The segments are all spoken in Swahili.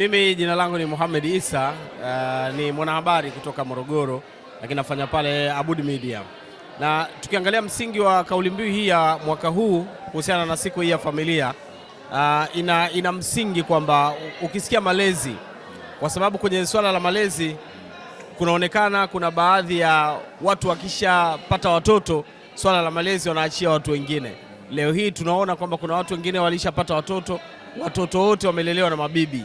Mimi jina langu ni Mohamed Isa, uh, ni mwanahabari kutoka Morogoro, lakini nafanya pale Abud Media. Na tukiangalia msingi wa kauli mbiu hii ya mwaka huu kuhusiana na siku hii ya familia uh, ina, ina msingi kwamba ukisikia malezi, kwa sababu kwenye swala la malezi kunaonekana kuna baadhi ya watu wakishapata watoto, swala la malezi wanaachia watu wengine. Leo hii tunaona kwamba kuna watu wengine walishapata watoto, watoto wote wamelelewa na mabibi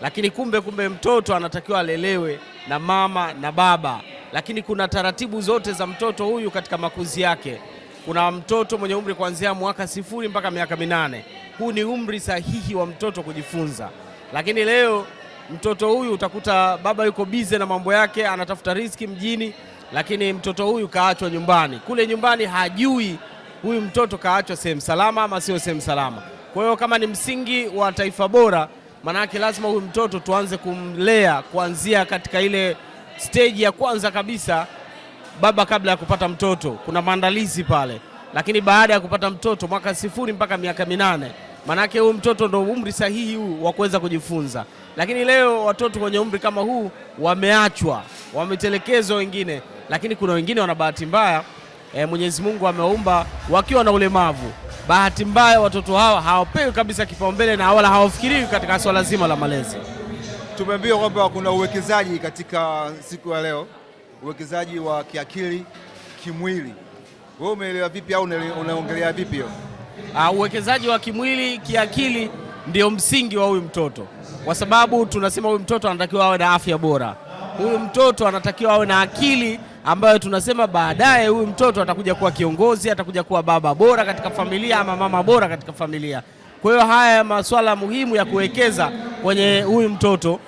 lakini kumbe kumbe mtoto anatakiwa alelewe na mama na baba, lakini kuna taratibu zote za mtoto huyu katika makuzi yake. Kuna mtoto mwenye umri kuanzia mwaka sifuri mpaka miaka minane. Huu ni umri sahihi wa mtoto kujifunza, lakini leo mtoto huyu utakuta baba yuko bize na mambo yake, anatafuta riziki mjini, lakini mtoto huyu kaachwa nyumbani. Kule nyumbani hajui huyu mtoto kaachwa sehemu salama ama sio sehemu salama. Kwa hiyo kama ni msingi wa taifa bora Manake lazima huyu mtoto tuanze kumlea kuanzia katika ile stage ya kwanza kabisa. Baba kabla ya kupata mtoto kuna maandalizi pale, lakini baada ya kupata mtoto mwaka sifuri mpaka miaka minane manake huyu mtoto ndo umri sahihi huu wa kuweza kujifunza. Lakini leo watoto wenye umri kama huu wameachwa, wametelekezwa wengine, lakini kuna wengine wana bahati mbaya e, Mwenyezi Mungu amewaumba wakiwa na ulemavu. Bahati mbaya watoto hawa hawapewi kabisa kipaumbele na wala hawafikiriwi katika swala zima la malezi. Tumeambiwa kwamba kuna uwekezaji katika siku ya leo, uwekezaji wa kiakili, kimwili. Wewe umeelewa vipi au unaongelea vipi hiyo? Ah, uwekezaji wa kimwili, kiakili ndio msingi wa huyu mtoto, kwa sababu tunasema huyu mtoto anatakiwa awe na afya bora huyu mtoto anatakiwa awe na akili ambayo tunasema baadaye huyu mtoto atakuja kuwa kiongozi, atakuja kuwa baba bora katika familia ama mama bora katika familia. Kwa hiyo haya masuala muhimu ya kuwekeza kwenye huyu mtoto,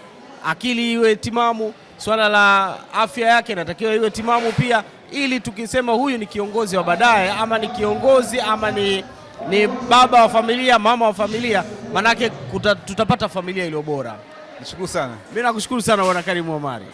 akili iwe timamu, swala la afya yake inatakiwa iwe timamu pia, ili tukisema huyu ni kiongozi wa baadaye ama ni kiongozi ama ni, ni baba wa familia, mama wa familia, manake kuta, tutapata familia iliyo bora. Nashukuru sana. Mimi nakushukuru sana Bwana Karim Omari.